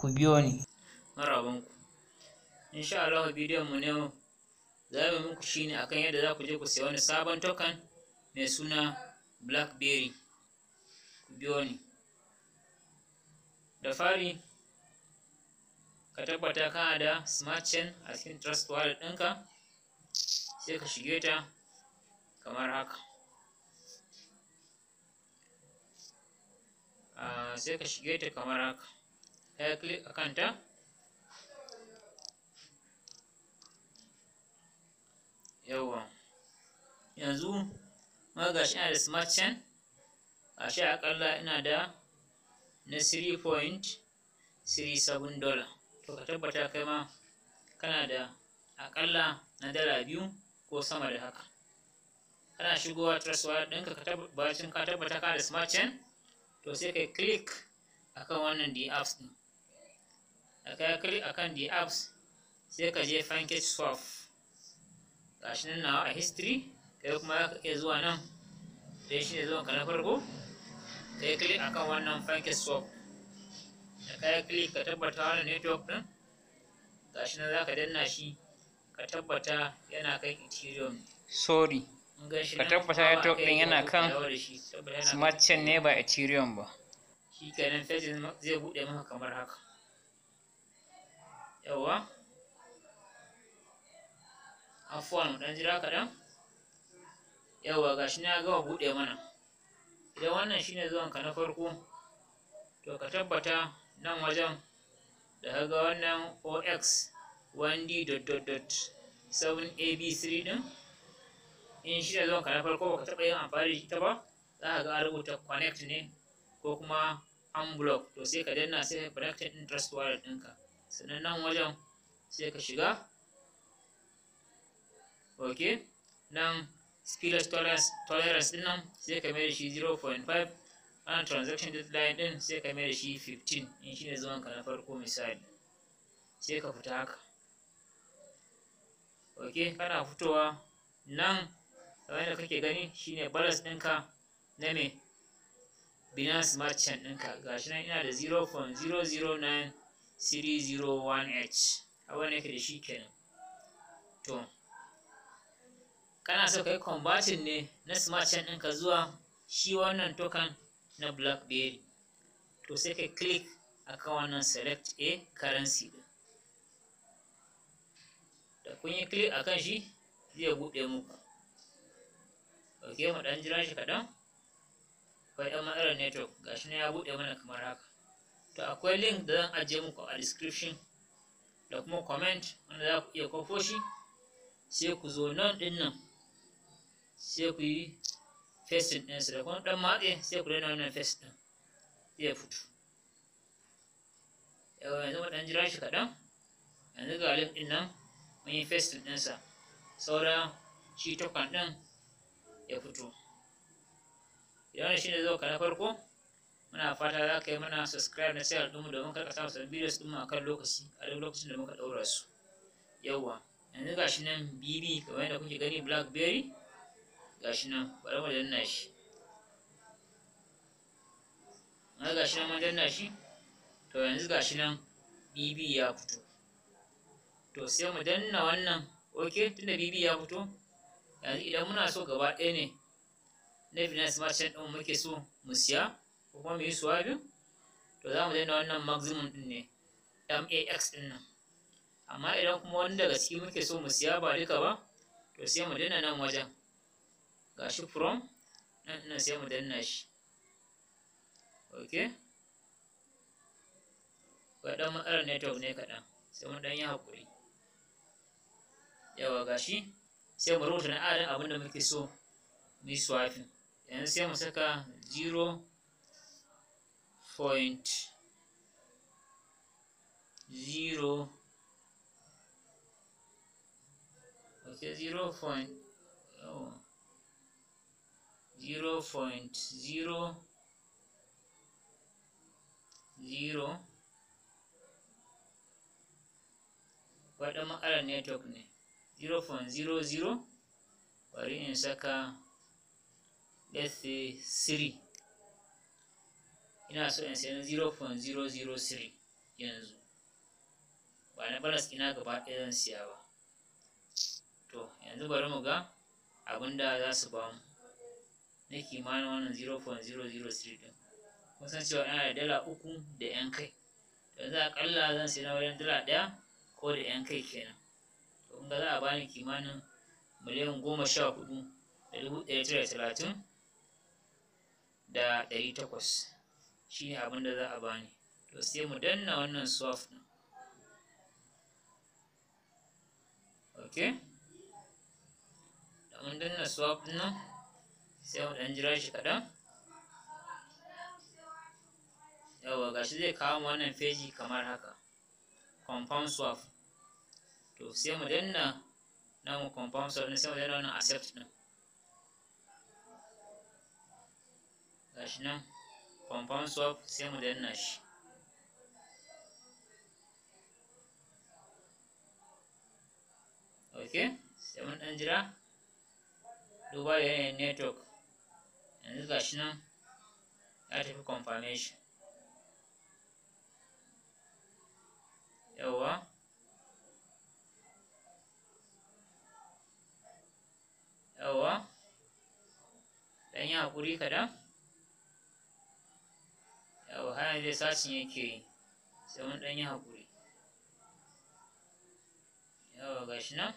ku biyo ni marabanku insha Allah bidiyon mu ne za mu muku shine akan yadda za ku je ku sayi wani sabon token mai suna blackberry ku biyo ni da fari ka tabbata kana da smart chain a cikin trust wallet ɗinka sai ka shige ta kamar haka ah, sai ka shige ta kamar haka ya click a kanta yawa yanzu maga shi da smart chain a shi akalla ina da na 3.37 dollar to ka tabbata kai ma kana da akalla na dala biyu ko sama da haka kana shigowa trust wallet ɗinka ka bacin ka tabbata ka da smart chain to sai klik click akan wannan the apps ɗin da ka click akan the apps sai ka je find cache swap gashi nan nawa a history kai kuma ka ke zuwa nan sai shi ne zuwan ka na farko kai click akan wannan find cache swap da ka click ka tabbata wannan network din gashi nan ka danna shi ka tabbata yana kan ethereum sorry ka tabbata network din yana kan smart chain ne ba ethereum ba shi kenan zai bude maka kamar haka wa afuwan dan jira kaɗan yawwa gashi na gama buɗe mana idan wannan shine zuwanka na farko to ka tabbata nan wajen da ga wannan ox 1d dot dot dot 7ab3 ɗin, in shi da zuwan ka na farko baka taɓa yin amfani da ita ba za ka ga rubuta connect ne ko kuma unblock to sai ka danna sai connect interest wallet ɗinka sannan wajen sai ka shiga ok nan spillage tolerance, tolerance din nan sai ka mai da shi 0.5 ana transaction deadline din sai ka mai da shi 15 in shine ne zuwan ka na farko misali sai ka fita haka ok kana fitowa nan kamar da kake gani shine balance ɗinka na me binance merchant ɗinka gashi nan ina da 0.009 301H abin da ke da shi kenan to kana so ka yi ne na smart chain ɗinka zuwa shi wannan token na blackberry to sai ka click akan wannan select a currency da kun yi click akan shi zai buɗe muku ok mu ɗan jira shi kaɗan akwai ɗan matsalar network gashi na ya buɗe mana kamar haka to akwai link da zan ajiye muku a description da kuma comment wanda za ku iya kwafo shi sai ku zo nan din nan sai ku yi facing ɗinsa da kuma ɗan matse sai ku daina wannan face ɗin zai fito Yau yanzu ɗan jira shi kaɗan yanzu ga link ɗin nan mun yi facing ɗinsa sauran shi token ɗin ya fito idan shi ne zo ka na farko muna fata za ka yi mana subscribe na sayar ɗinmu domin karka samu sabbin videos ɗinmu a kan lokaci a duk lokacin da muka ɗaura su yawwa yanzu ga shi nan bb kamar yadda kuke gani blackberry ga shi nan bari mu danna shi yanzu ga shi nan mun danna shi to yanzu ga shi nan bb ya fito to sai mu danna wannan ok tunda bb ya fito yanzu idan muna so gaba ɗaya ne na finance merchant ɗin muke so mu siya kuma mu yi biyu to za mu daina wannan maximum ɗin ne max ɗin nan amma idan kuma wani daga ciki muke so mu siya ba duka ba to sai mu daina nan wajen Ga shi from nan ɗin sai mu daina shi ok ga ɗan matsalar network ne kaɗan sai mu ɗan yi haƙuri yawa ga shi sai mu rubuta na adadin abin da muke so mu yi swapping yanzu sai mu saka 0 point zero okay zero point oh zero point zero zero waɗa matsalar network ne Zero point zero zero. bari in saka let's say 3 ina so in sayan na 0.003 yanzu ba na balas ina gaba ɗaya zan siya ba to yanzu bari mu ga abin da za su ba mu na kimanin wannan 0.003 ɗin kun san cewa ina da dala uku da yan kai to yanzu aƙalla zan sayi na wajen dala ɗaya ko da yan kai kenan to kun ga za a bani kimanin miliyan goma sha hudu da dubu ɗaya talatin da ɗari takwas shine abin da za a bani to sai mu danna wannan swap ɗin ok da mun danna swap ɗin nan sai mu dan jira shi kaɗan yawa shi zai kawo wannan feji kamar haka compound swap to sai mu danna mu compound swap ɗin sai mu danna wannan accept Ga gashi nan compound swap sai mu danna shi ok sai mun ɗan jira duba da yanayin network yanzu ga shi nan ya tafi confirmation Yawa? Yawa? ɗan yi haƙuri kaɗan yau har yanzu sashin yake yi sai wani ɗan yi haƙuri yau ga shi nan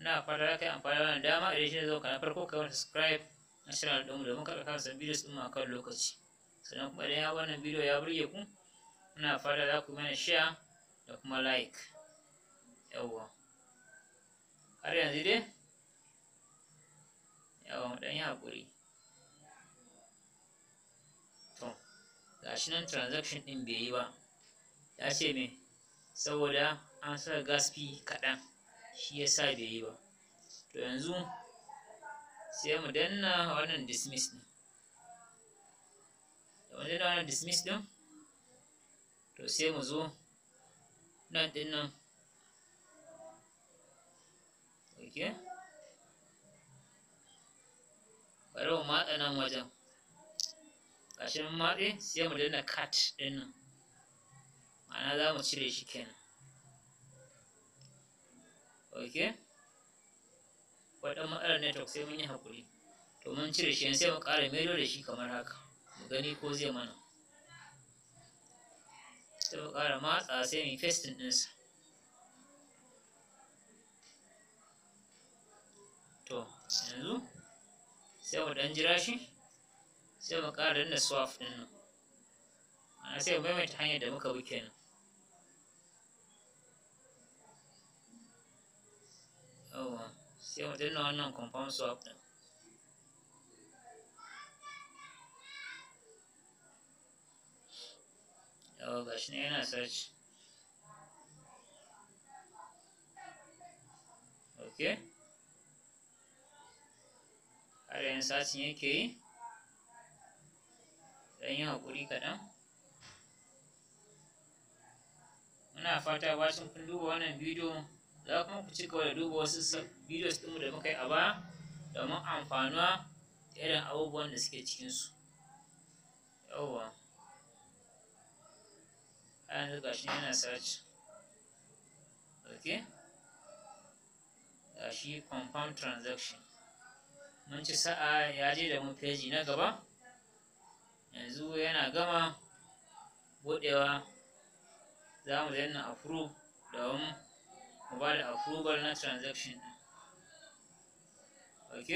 ina fata da ka yi amfani wannan dama idan shi ne zo kana farko kai wani subscribe na channel ɗinmu domin karɓar kan san bidiyo ɗinmu a kan lokaci sannan kuma idan ya wannan bidiyo ya burge ku ina fata za ku mana share da kuma like yawwa har yanzu dai yawa mu ɗan yi haƙuri gashi nan transaction ɗin bai yi ba ya ce me saboda an saka gas fee kaɗan shi yasa bai yi ba to yanzu sai mu danna wannan dismiss ɗin da mu danna wannan dismiss ɗin to sai mu zo nan ɗin nan ok bari mu matsa nan wajen ƙarshen maɗi eh, sai mu daina cut ɗin nan ma'ana za mu cire shi kenan ok waɗannan matsalar network sai mun yi haƙuri to mun cire shi sai mu ƙara maido da shi kamar haka mu gani ko zai mana sai mu ƙara matsa sai mu yi ɗinsa to yanzu sai mu ɗan jira shi sai mu ƙara danna swap ɗin nan ana sai mu maimaita hanyar da muka wuke nan yawwa sai mu danna wannan confirm swap ɗin yawwa ga shi ne yana search ok har yanzu yake yi ɗan yi haƙuri kaɗan muna fata bacin kun duba wannan bidiyo za kuma ku ci gaba da duba wasu bidiyo ɗinmu da muka yi a baya domin amfanuwa da irin abubuwan da suke cikinsu yawwa a yanzu ga shi yana search ok ga shi confirm transaction mun ci sa'a ya je da mu feji na gaba yanzu yana gama buɗewa za mu danna approve domin mu ba da approval na transaction ɗin ok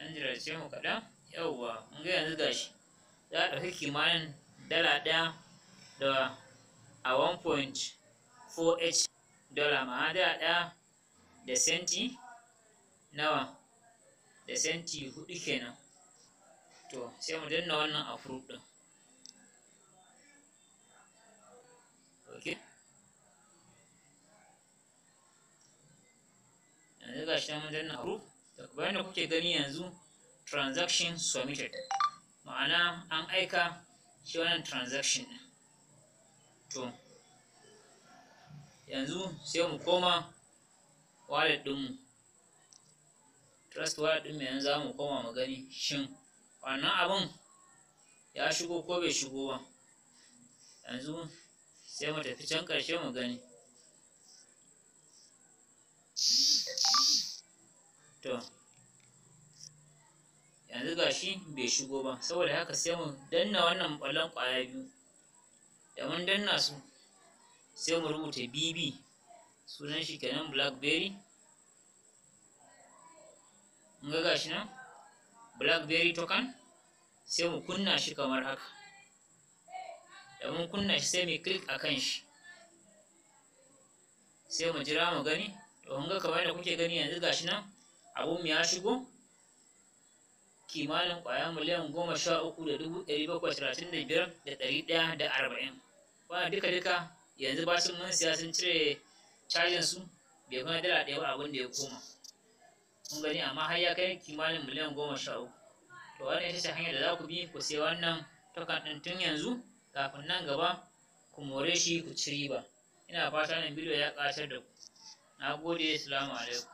an jirarce mu kaɗan yauwa mun ga yanzu gashi za a ɗauki kimanin dala ɗaya da a 1.4h dala ma'ana dala ɗaya da senti nawa da senti hudu kenan to sai mu danna wannan fruit din okay yanzu ga shi mun danna fruit. to bayan da kuke gani yanzu transaction submitted ma'ana an aika shi wannan transaction din to yanzu sai mu koma wallet ɗinmu trust wallet ɗinmu yanzu za mu koma mu gani shin wannan abun ya shigo ko bai shigo ba yanzu sai mu tafi can ƙarshe mu gani to yanzu gashi bai shigo ba saboda haka sai mu danna wannan ƙwallon ƙwaya biyu da mun danna su sai mu rubuta bb sunan shi kenan blackberry mun ga gashi nan blackberry token sai mu kunna shi kamar haka da mun kunna shi sai mu click akan shi sai mu jira mu gani To domin ga kamar da kuke gani yanzu gashi nan mu ya shigo kimanin kwaya miliyan goma sha uku da dubu ɗari bakwai talatin da biyar da ɗari ɗaya da arba'in ba duka duka yanzu bashin mun siya sun cire cajin su bai kuma dala ɗaya ba abin da ya koma gani amma har ya kai kimanin miliyan goma sha uku to wannan ita ce hanyar da za ku bi ku sai wannan tokan ɗin tun yanzu kafin nan gaba ku more shi ku ci riba ina fata nan bidiyo ya ƙatar da ku na gode salamu alaikum